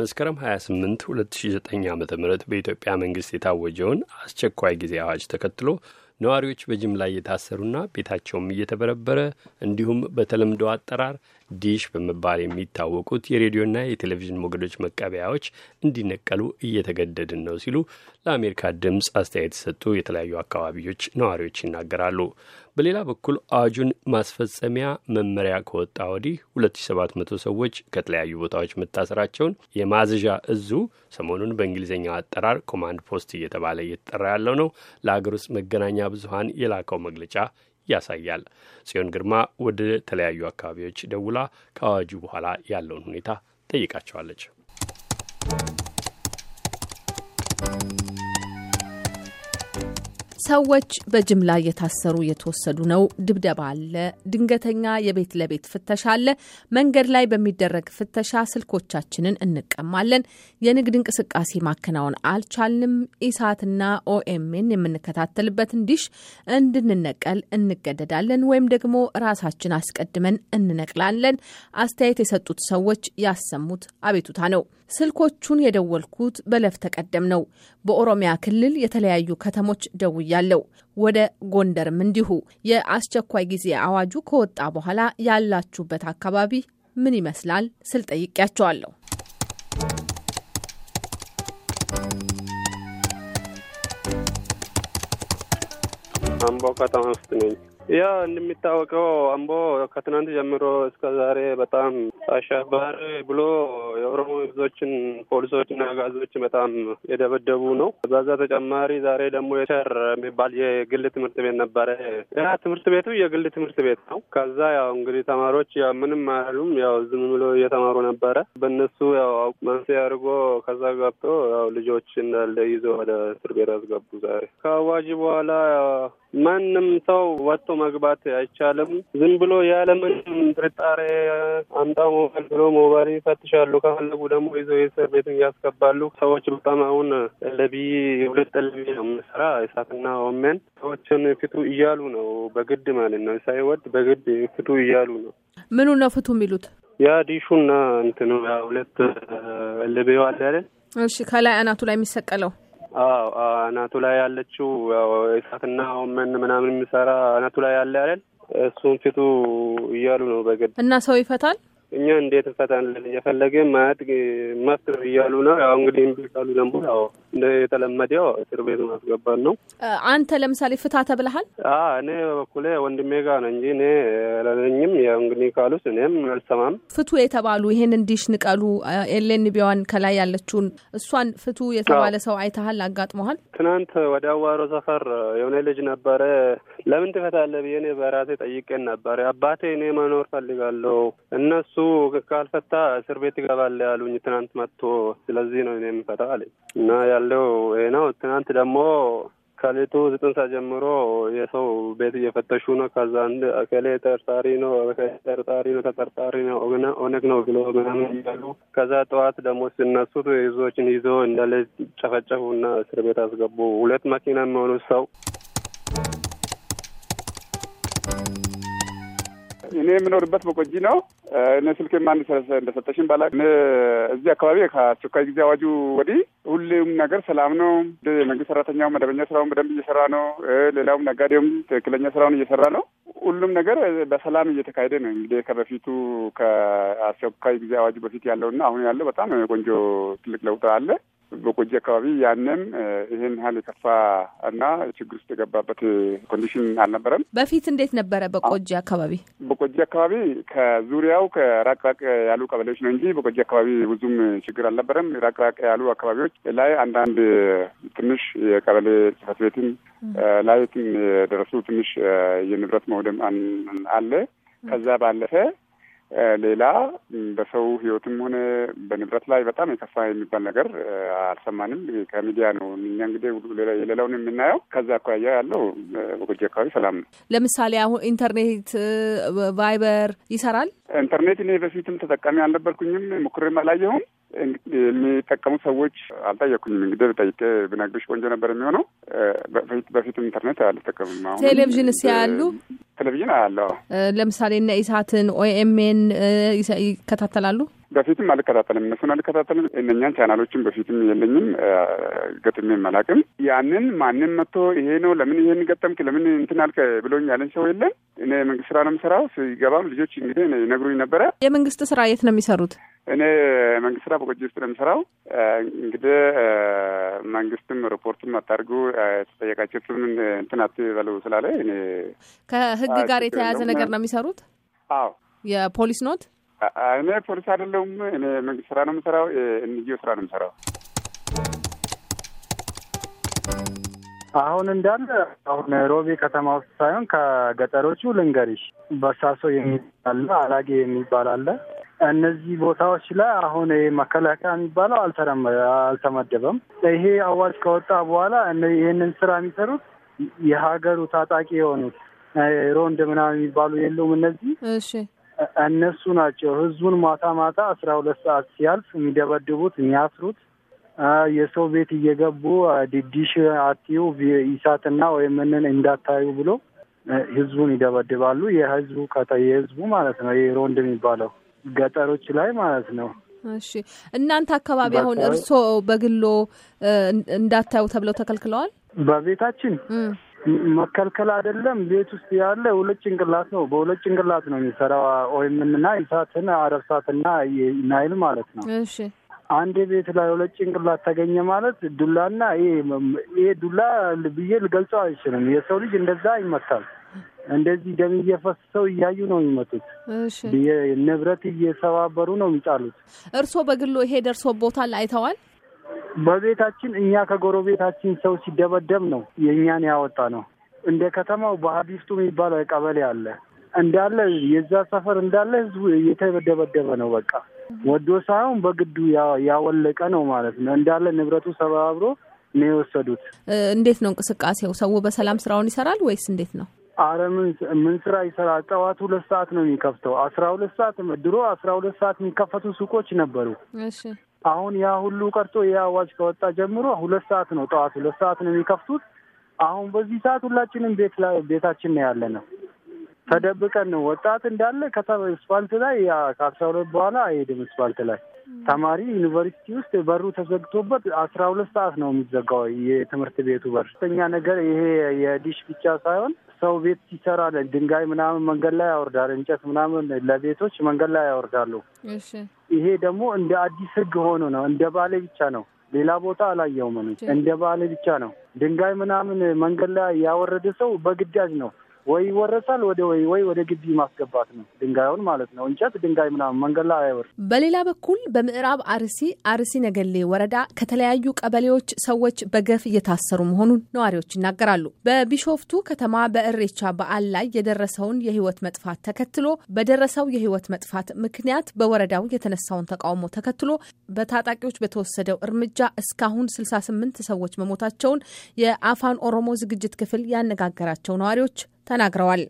መስከረም 28 2009 ዓ ም በኢትዮጵያ መንግሥት የታወጀውን አስቸኳይ ጊዜ አዋጅ ተከትሎ ነዋሪዎች በጅምላ እየታሰሩና ቤታቸውም እየተበረበረ እንዲሁም በተለምዶ አጠራር ዲሽ በመባል የሚታወቁት የሬዲዮና የቴሌቪዥን ሞገዶች መቀበያዎች እንዲነቀሉ እየተገደድን ነው ሲሉ ለአሜሪካ ድምፅ አስተያየት የሰጡ የተለያዩ አካባቢዎች ነዋሪዎች ይናገራሉ። በሌላ በኩል አዋጁን ማስፈጸሚያ መመሪያ ከወጣ ወዲህ 2700 ሰዎች ከተለያዩ ቦታዎች መታሰራቸውን የማዘዣ እዙ ሰሞኑን በእንግሊዝኛው አጠራር ኮማንድ ፖስት እየተባለ እየተጠራ ያለው ነው ለአገር ውስጥ መገናኛ ብዙኃን የላከው መግለጫ ያሳያል። ጽዮን ግርማ ወደ ተለያዩ አካባቢዎች ደውላ ከአዋጁ በኋላ ያለውን ሁኔታ ጠይቃቸዋለች። ሰዎች በጅምላ እየታሰሩ እየተወሰዱ ነው። ድብደባ አለ። ድንገተኛ የቤት ለቤት ፍተሻ አለ። መንገድ ላይ በሚደረግ ፍተሻ ስልኮቻችንን እንቀማለን። የንግድ እንቅስቃሴ ማከናወን አልቻልንም። ኢሳትና ኦኤምን የምንከታተልበትን ዲሽ እንድንነቀል እንገደዳለን፣ ወይም ደግሞ ራሳችን አስቀድመን እንነቅላለን። አስተያየት የሰጡት ሰዎች ያሰሙት አቤቱታ ነው። ስልኮቹን የደወልኩት በለፍ ተቀደም ነው። በኦሮሚያ ክልል የተለያዩ ከተሞች ደውያ ያለው። ወደ ጎንደርም እንዲሁ የአስቸኳይ ጊዜ አዋጁ ከወጣ በኋላ ያላችሁበት አካባቢ ምን ይመስላል ስል ጠይቄያቸዋለሁ። አምቦ ከተማ ውስጥ ነኝ። ያ እንደሚታወቀው አምቦ ከትናንት ጀምሮ እስከ ዛሬ በጣም አሸባሪ ብሎ የኦሮሞ ህዝቦችን ፖሊሶችና አጋዞችን በጣም የደበደቡ ነው። በዛ ተጨማሪ ዛሬ ደግሞ የቸር የሚባል የግል ትምህርት ቤት ነበረ። ያ ትምህርት ቤቱ የግል ትምህርት ቤት ነው። ከዛ ያው እንግዲህ ተማሪዎች ያው ምንም አያሉም፣ ያው ዝም ብሎ እየተማሩ ነበረ። በእነሱ ያው መንስኤ አድርጎ ከዛ ገብቶ ያው ልጆች እንዳለ ይዞ ወደ እስር ቤት አስገቡ። ዛሬ ከአዋጅ በኋላ ማንም ሰው ወጥቶ መግባት አይቻልም። ዝም ብሎ ያለምንም ጥርጣሬ አምጣ ሞባይል ብሎ ሞባይል ይፈትሻሉ። ከፈለጉ ደግሞ ይዞ የእስር ቤት ያስገባሉ። ሰዎች በጣም አሁን ለቢ ሁለት ጠለቢ ነው የምንሰራ እሳትና ኦሜን ሰዎችን ፍቱ እያሉ ነው በግድ ማለት ነው። ሳይወድ በግድ ፍቱ እያሉ ነው። ምኑ ነው ፍቱ የሚሉት? ያ ዲሹና እንትኑ ሁለት ለቤዋ አለ እሺ ከላይ አናቱ ላይ የሚሰቀለው አዎ አናቱ ላይ ያለችው እሳትና ወመን ምናምን የሚሰራ አናቱ ላይ ያለ አይደል? እሱን ፊቱ እያሉ ነው በግድ እና ሰው ይፈታል። እኛ እንዴት እንፈታለን? እየፈለገ ማያት መፍት ነው እያሉ ነው። ያው እንግዲህ እምቢ ካሉ ደግሞ ያው የተለመደው እስር ቤት ማስገባት ነው። አንተ ለምሳሌ ፍታ ተብለሃል? እኔ በበኩሌ ወንድሜ ጋር ነው እንጂ እኔ ለለኝም እንግዲህ ካሉስ እኔም አልሰማም። ፍቱ የተባሉ ይሄን እንዲሽ ንቀሉ ኤሌን ቢዋን ከላይ ያለችውን እሷን ፍቱ የተባለ ሰው አይተሃል? አጋጥመሃል? ትናንት ወደ አዋሮ ሰፈር የሆነ ልጅ ነበረ። ለምን ትፈታለህ ብዬ እኔ በራሴ ጠይቄን ነበር። አባቴ እኔ መኖር ፈልጋለሁ፣ እነሱ ካልፈታ እስር ቤት ይገባል ያሉኝ ትናንት መጥቶ፣ ስለዚህ ነው እኔ የምፈታ አለኝ እና ያለው ነው። ትናንት ደግሞ ከሌቱ ዘጠኝ ሰዓት ጀምሮ የሰው ቤት እየፈተሹ ነው። ከዛ አንድ እከሌ ተጠርጣሪ ነው፣ ተጠርጣሪ ነው፣ ተጠርጣሪ ነው፣ ኦነግ ነው ብሎ ምናምን እያሉ ከዛ ጠዋት ደግሞ ሲነሱት ይዞችን ይዞ እንዳለ ጨፈጨፉና እስር ቤት አስገቡ። ሁለት መኪና የሚሆኑ ሰው እኔ የምኖርበት በቆጂ ነው። እኔ ስልክ ማን እንደሰጠሽን ባላ እዚህ አካባቢ ከአስቸኳይ ጊዜ አዋጁ ወዲህ ሁሉም ነገር ሰላም ነው። መንግስት ሰራተኛው መደበኛ ስራውን በደንብ እየሰራ ነው። ሌላውም ነጋዴውም ትክክለኛ ስራውን እየሰራ ነው። ሁሉም ነገር በሰላም እየተካሄደ ነው። እንግዲህ ከበፊቱ ከአስቸኳይ ጊዜ አዋጁ በፊት ያለውና አሁን ያለው በጣም ቆንጆ ትልቅ ለውጥ አለ። በቆጂ አካባቢ ያንም ይህን ያህል የከፋ እና ችግር ውስጥ የገባበት ኮንዲሽን አልነበረም። በፊት እንዴት ነበረ? በቆጂ አካባቢ በቆጂ አካባቢ ከዙሪያው ከራቅራቅ ያሉ ቀበሌዎች ነው እንጂ በቆጂ አካባቢ ብዙም ችግር አልነበረም። ራቅራቅ ያሉ አካባቢዎች ላይ አንዳንድ ትንሽ የቀበሌ ጽሕፈት ቤትም ላይ የደረሱ ትንሽ የንብረት መውደም አለ። ከዛ ባለፈ ሌላ በሰው ህይወትም ሆነ በንብረት ላይ በጣም የከፋ የሚባል ነገር አልሰማንም። ከሚዲያ ነው እኛ እንግዲህ የሌላውን የምናየው። ከዛ አኳያ ያለው በጎጂ አካባቢ ሰላም ነው። ለምሳሌ አሁን ኢንተርኔት ቫይበር ይሰራል። ኢንተርኔት እኔ በፊትም ተጠቃሚ አልነበርኩኝም፣ ሞክሬም አላየሁም። የሚጠቀሙ ሰዎች አልጠየኩኝም። እንግዲህ ጠይቄ ብነግርሽ ቆንጆ ነበር የሚሆነው። በፊት ኢንተርኔት አልጠቀምም። አሁን ቴሌቪዥን እስ ያሉ ቴሌቪዥን አያለሁ። ለምሳሌ እነ ኢሳትን ኦኤምኤን ይከታተላሉ። በፊትም አልከታተልም፣ እነሱን አልከታተልም። እነኛን ቻናሎችን በፊትም የለኝም፣ ገጥሜ አላውቅም። ያንን ማንም መጥቶ ይሄ ነው ለምን ይሄን ገጠምክ ለምን እንትን አልከ ብሎኝ ያለን ሰው የለም። እኔ የመንግስት ስራ ነው የምሰራው። ሲገባም ልጆች እንግዲህ ይነግሩኝ ነበረ። የመንግስት ስራ የት ነው የሚሰሩት? እኔ መንግስት ስራ በቆጂ ውስጥ ነው የምሰራው። እንግዲህ መንግስትም ሪፖርትም አታርጉ የተጠየቃችሁትም እንትን አትበሉ ስላለ እኔ ከህግ ጋር የተያያዘ ነገር ነው የሚሰሩት። አዎ የፖሊስ ኖት። እኔ ፖሊስ አይደለሁም። እኔ መንግስት ስራ ነው የምሰራው። እንጂ ስራ ነው የምሰራው። አሁን እንዳለ አሁን ናይሮቢ ከተማ ውስጥ ሳይሆን ከገጠሮቹ ልንገሪሽ፣ በሳሶ የሚባል አላጌ የሚባል አለ እነዚህ ቦታዎች ላይ አሁን ይሄ መከላከያ የሚባለው አልተመደበም። ይሄ አዋጅ ከወጣ በኋላ ይህንን ስራ የሚሰሩት የሀገሩ ታጣቂ የሆኑት ሮንድ ምናምን የሚባሉ የለውም። እነዚህ እነሱ ናቸው ህዝቡን ማታ ማታ አስራ ሁለት ሰዓት ሲያልፍ የሚደበድቡት የሚያስሩት የሰው ቤት እየገቡ ዲዲሽ አትዩ ይሳትና ወይም ምንን እንዳታዩ ብሎ ህዝቡን ይደበድባሉ። የህዝቡ ከተ የህዝቡ ማለት ነው ሮንድ የሚባለው ገጠሮች ላይ ማለት ነው። እሺ እናንተ አካባቢ አሁን እርስዎ በግሎ እንዳታዩ ተብለው ተከልክለዋል? በቤታችን መከልከል አይደለም። ቤት ውስጥ ያለ ሁለት ጭንቅላት ነው። በሁለት ጭንቅላት ነው የሚሰራው ወይምና ኢሳትን አረብሳትና ናይል ማለት ነው። እሺ አንድ ቤት ላይ ሁለት ጭንቅላት ተገኘ ማለት ዱላና ይሄ ዱላ ብዬ ልገልጸው አይችልም። የሰው ልጅ እንደዛ ይመታል። እንደዚህ ደም እየፈሰው እያዩ ነው የሚመጡት። ንብረት እየሰባበሩ ነው የሚጣሉት። እርስዎ በግሎ ይሄ ደርሶ ቦታል አይተዋል? በቤታችን እኛ ከጎረቤታችን ሰው ሲደበደብ ነው የእኛን ያወጣ ነው። እንደ ከተማው በሀዲፍቱ የሚባለው ቀበሌ አለ እንዳለ የዛ ሰፈር እንዳለ ህዝቡ እየተደበደበ ነው። በቃ ወዶ ሳይሆን በግዱ ያወለቀ ነው ማለት ነው። እንዳለ ንብረቱ ሰባብሮ ነው የወሰዱት። እንዴት ነው እንቅስቃሴው? ሰው በሰላም ስራውን ይሰራል ወይስ እንዴት ነው? አረምን ምን ስራ ይሰራል? ጠዋት ሁለት ሰዓት ነው የሚከፍተው። አስራ ሁለት ሰዓት ድሮ አስራ ሁለት ሰዓት የሚከፈቱ ሱቆች ነበሩ። አሁን ያ ሁሉ ቀርቶ ይህ አዋጅ ከወጣ ጀምሮ ሁለት ሰዓት ነው ጠዋት ሁለት ሰዓት ነው የሚከፍቱት። አሁን በዚህ ሰዓት ሁላችንም ቤት ቤታችን ነው ያለ ነው ተደብቀን ነው ወጣት እንዳለ እስፋልት ላይ ከአስራ ሁለት በኋላ አይሄድም። እስፋልት ላይ ተማሪ ዩኒቨርሲቲ ውስጥ በሩ ተዘግቶበት አስራ ሁለት ሰዓት ነው የሚዘጋው የትምህርት ቤቱ በር። ሶስተኛ ነገር ይሄ የዲሽ ብቻ ሳይሆን ሰው ቤት ሲሰራ ድንጋይ ምናምን መንገድ ላይ ያወርዳል፣ እንጨት ምናምን ለቤቶች መንገድ ላይ ያወርዳሉ። ይሄ ደግሞ እንደ አዲስ ህግ ሆኖ ነው እንደ ባሌ ብቻ ነው። ሌላ ቦታ አላየውም። እንደ ባሌ ብቻ ነው። ድንጋይ ምናምን መንገድ ላይ ያወረደ ሰው በግዳጅ ነው ወይ ይወረሳል ወደ ወይ ወይ ወደ ግቢ ማስገባት ነው ድንጋዩን ማለት ነው። እንጨት ድንጋይ ምናምን መንገድ ላይ አይወር። በሌላ በኩል በምዕራብ አርሲ አርሲ ነገሌ ወረዳ ከተለያዩ ቀበሌዎች ሰዎች በገፍ እየታሰሩ መሆኑን ነዋሪዎች ይናገራሉ። በቢሾፍቱ ከተማ በእሬቻ በዓል ላይ የደረሰውን የህይወት መጥፋት ተከትሎ በደረሰው የህይወት መጥፋት ምክንያት በወረዳው የተነሳውን ተቃውሞ ተከትሎ በታጣቂዎች በተወሰደው እርምጃ እስካሁን 68 ሰዎች መሞታቸውን የአፋን ኦሮሞ ዝግጅት ክፍል ያነጋገራቸው ነዋሪዎች ተናግረዋል።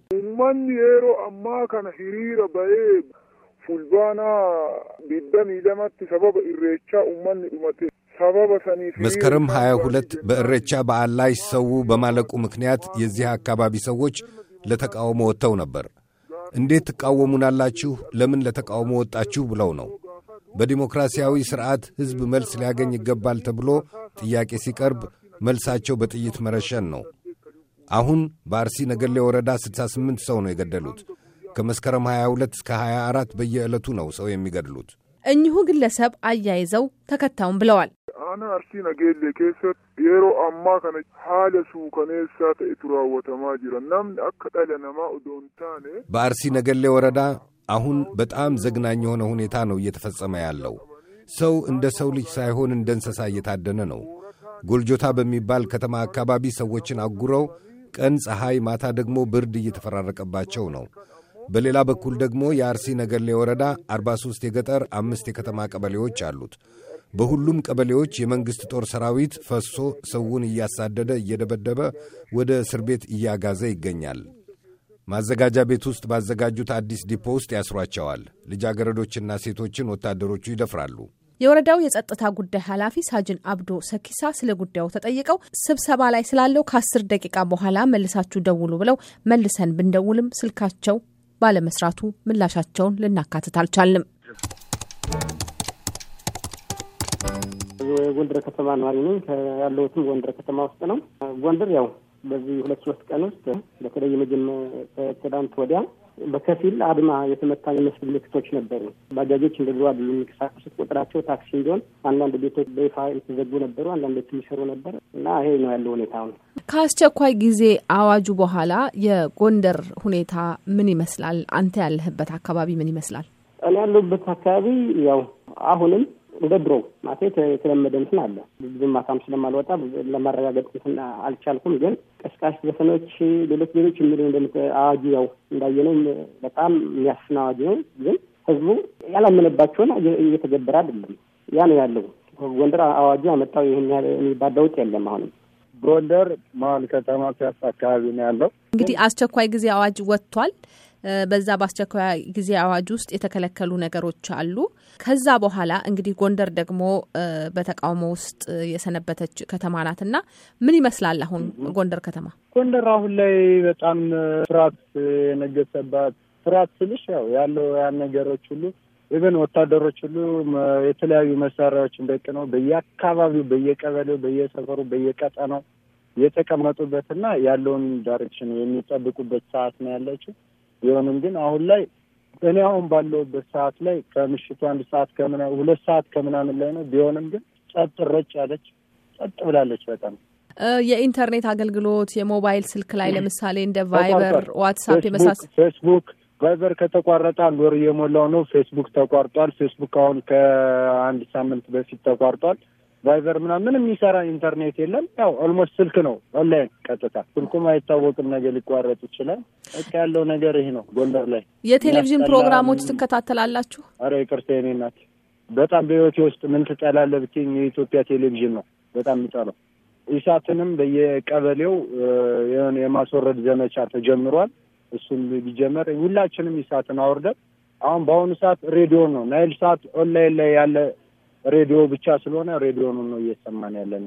መስከረም 22 በእሬቻ በዓል ላይ ሰው በማለቁ ምክንያት የዚህ አካባቢ ሰዎች ለተቃውሞ ወጥተው ነበር። እንዴት ትቃወሙናላችሁ? ለምን ለተቃውሞ ወጣችሁ? ብለው ነው። በዲሞክራሲያዊ ሥርዓት ሕዝብ መልስ ሊያገኝ ይገባል ተብሎ ጥያቄ ሲቀርብ መልሳቸው በጥይት መረሸን ነው። አሁን በአርሲ ነገሌ ወረዳ 68 ሰው ነው የገደሉት። ከመስከረም 22 እስከ 24 በየዕለቱ ነው ሰው የሚገድሉት። እኚሁ ግለሰብ አያይዘው ተከታዩም ብለዋል። አና አርሲ ነገሌ ኬሰ የሮ አማ ከነ ሀለ ሱከኔሳ ተኢቱራወተማ ጅረ ናምን አከ ነማ ኡዶንታኔ በአርሲ ነገሌ ወረዳ አሁን በጣም ዘግናኝ የሆነ ሁኔታ ነው እየተፈጸመ ያለው። ሰው እንደ ሰው ልጅ ሳይሆን እንደ እንስሳ እየታደነ ነው። ጎልጆታ በሚባል ከተማ አካባቢ ሰዎችን አጉረው ቀን ፀሐይ፣ ማታ ደግሞ ብርድ እየተፈራረቀባቸው ነው። በሌላ በኩል ደግሞ የአርሲ ነገሌ ወረዳ 43 የገጠር አምስት የከተማ ቀበሌዎች አሉት። በሁሉም ቀበሌዎች የመንግሥት ጦር ሰራዊት ፈሶ ሰውን እያሳደደ እየደበደበ ወደ እስር ቤት እያጋዘ ይገኛል። ማዘጋጃ ቤት ውስጥ ባዘጋጁት አዲስ ዲፖ ውስጥ ያስሯቸዋል። ልጃገረዶችና ሴቶችን ወታደሮቹ ይደፍራሉ። የወረዳው የጸጥታ ጉዳይ ኃላፊ ሳጅን አብዶ ሰኪሳ ስለ ጉዳዩ ተጠይቀው ስብሰባ ላይ ስላለው ከአስር ደቂቃ በኋላ መልሳችሁ ደውሉ ብለው መልሰን ብንደውልም ስልካቸው ባለመስራቱ ምላሻቸውን ልናካትት አልቻልም። የጎንደር ከተማ ነዋሪ ነኝ። ያለሁትም ጎንደር ከተማ ውስጥ ነው። ጎንደር ያው በዚህ ሁለት ሶስት ቀን ውስጥ በተለይ የመጀመ ትናንት ወዲያ በከፊል አድማ የተመታ የሚመስሉ ምልክቶች ነበሩ። ባጃጆች እንደ ድሮ አይደሉም የሚንቀሳቀሱት። ቁጥራቸው ታክሲ እንዲሆን አንዳንድ ቤቶች በይፋ የተዘጉ ነበሩ፣ አንዳንዶች የሚሰሩ ነበር እና ይሄ ነው ያለው ሁኔታ። አሁን ከአስቸኳይ ጊዜ አዋጁ በኋላ የጎንደር ሁኔታ ምን ይመስላል? አንተ ያለህበት አካባቢ ምን ይመስላል? እኔ ያለሁበት አካባቢ ያው አሁንም እንደ ድሮ ማለቴ የተለመደ እንትን አለ። ብዙም ማታም ስለማልወጣ ለማረጋገጥ አልቻልኩም። ግን ቀስቃሽ ዘፈኖች፣ ሌሎች ሌሎች የሚሉ አዋጁ ያው እንዳየነው በጣም የሚያስን አዋጅ ነው። ግን ህዝቡ ያላመነባቸውን እየተገበረ አይደለም። ያ ነው ያለው። ጎንደር አዋጁ ያመጣው ይህን የሚባል ለውጥ የለም አሁንም ጎንደር መሀል ከተማ ፒያሳ አካባቢ ነው ያለው። እንግዲህ አስቸኳይ ጊዜ አዋጅ ወጥቷል። በዛ በአስቸኳይ ጊዜ አዋጅ ውስጥ የተከለከሉ ነገሮች አሉ። ከዛ በኋላ እንግዲህ ጎንደር ደግሞ በተቃውሞ ውስጥ የሰነበተች ከተማ ናት እና ምን ይመስላል አሁን ጎንደር ከተማ? ጎንደር አሁን ላይ በጣም ፍርሃት የነገሰባት ፍርሃት ስልሽ ያው ያለው ያን ነገሮች ሁሉ ኢቨን ወታደሮች ሁሉ የተለያዩ መሳሪያዎችን ነው በየአካባቢው፣ በየቀበሌው፣ በየሰፈሩ፣ በየቀጠናው የተቀመጡበትና ያለውን ዳይሬክሽን የሚጠብቁበት ሰዓት ነው ያለችው። ቢሆንም ግን አሁን ላይ እኔ አሁን ባለውበት ሰዓት ላይ ከምሽቱ አንድ ሰዓት ከምና ሁለት ሰዓት ከምናምን ላይ ነው። ቢሆንም ግን ጸጥ ረጭ ያለች ጸጥ ብላለች በጣም የኢንተርኔት አገልግሎት የሞባይል ስልክ ላይ ለምሳሌ እንደ ቫይበር፣ ዋትሳፕ የመሳሰ ፌስቡክ ቫይበር ከተቋረጠ አንድ ወር እየሞላው ነው። ፌስቡክ ተቋርጧል። ፌስቡክ አሁን ከአንድ ሳምንት በፊት ተቋርጧል። ቫይበር ምናምን ምንም የሚሰራ ኢንተርኔት የለም። ያው ኦልሞስት ስልክ ነው ኦንላይን ቀጥታ ስልኩም አይታወቅም፣ ነገር ሊቋረጥ ይችላል። በቃ ያለው ነገር ይሄ ነው። ጎንደር ላይ የቴሌቪዥን ፕሮግራሞች ትከታተላላችሁ? አረ ይቅርታ የኔ ናት። በጣም በህይወቴ ውስጥ ምን ትጠላለህ ብትይኝ የኢትዮጵያ ቴሌቪዥን ነው በጣም የሚጠላው። ኢሳትንም በየቀበሌው የሆነ የማስወረድ ዘመቻ ተጀምሯል። እሱም ቢጀመር ሁላችንም ኢሳትን አውርደን አሁን በአሁኑ ሰዓት ሬዲዮ ነው ናይል ሰዓት ኦንላይን ላይ ያለ ሬዲዮ ብቻ ስለሆነ ሬዲዮኑ ነው እየሰማን ያለን።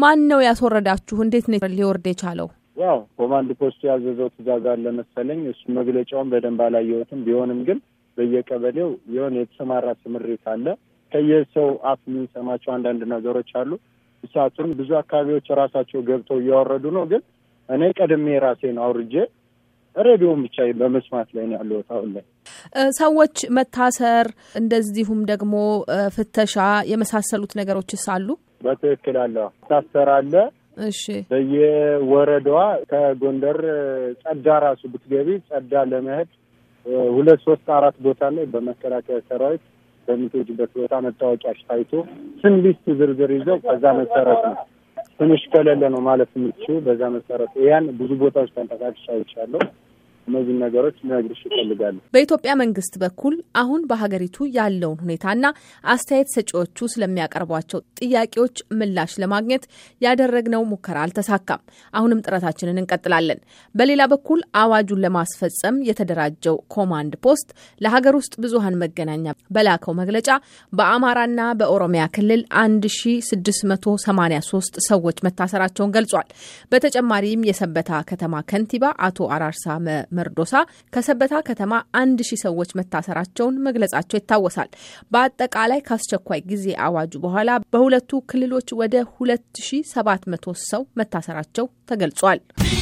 ማን ነው ያስወረዳችሁ? እንዴት ነው ሊወርድ የቻለው? ያው ኮማንድ ፖስቱ ያዘዘው ትእዛዝ አለ መሰለኝ። እሱ መግለጫውን በደንብ አላየሁትም። ቢሆንም ግን በየቀበሌው የሆነ የተሰማራ ስምሪት አለ። ከየሰው አፍ የምንሰማቸው አንዳንድ ነገሮች አሉ። እሳቱን ብዙ አካባቢዎች ራሳቸው ገብተው እያወረዱ ነው። ግን እኔ ቀድሜ ራሴ ነው አውርጄ ሬዲዮን ብቻ በመስማት ላይ ነው ያለሁት አሁን ላይ። ሰዎች መታሰር፣ እንደዚሁም ደግሞ ፍተሻ የመሳሰሉት ነገሮችስ አሉ? በትክክል አለ፣ ታሰር አለ። እሺ፣ በየወረዳዋ ከጎንደር ጸዳ ራሱ ብትገቢ ጸዳ ለመሄድ ሁለት ሶስት አራት ቦታ ላይ በመከላከያ ሰራዊት በምትሄጅበት ቦታ መታወቂያሽ ታይቶ ስም ሊስት ዝርዝር ይዘው ከዛ መሰረት ነው ትንሽ ከሌለ ነው ማለት የምችው። በዛ መሰረት ያን ብዙ ቦታዎች ተንቀሳቅሼ አይቻለሁ። እነዚህን ነገሮች ነግርሽ ይፈልጋሉ። በኢትዮጵያ መንግስት በኩል አሁን በሀገሪቱ ያለውን ሁኔታና አስተያየት ሰጪዎቹ ስለሚያቀርቧቸው ጥያቄዎች ምላሽ ለማግኘት ያደረግነው ሙከራ አልተሳካም። አሁንም ጥረታችንን እንቀጥላለን። በሌላ በኩል አዋጁን ለማስፈጸም የተደራጀው ኮማንድ ፖስት ለሀገር ውስጥ ብዙሀን መገናኛ በላከው መግለጫ በአማራና በኦሮሚያ ክልል 1683 ሰዎች መታሰራቸውን ገልጿል። በተጨማሪም የሰበታ ከተማ ከንቲባ አቶ አራርሳ መርዶሳ ከሰበታ ከተማ አንድ ሺህ ሰዎች መታሰራቸውን መግለጻቸው ይታወሳል። በአጠቃላይ ከአስቸኳይ ጊዜ አዋጁ በኋላ በሁለቱ ክልሎች ወደ 2700 ሰው መታሰራቸው ተገልጿል።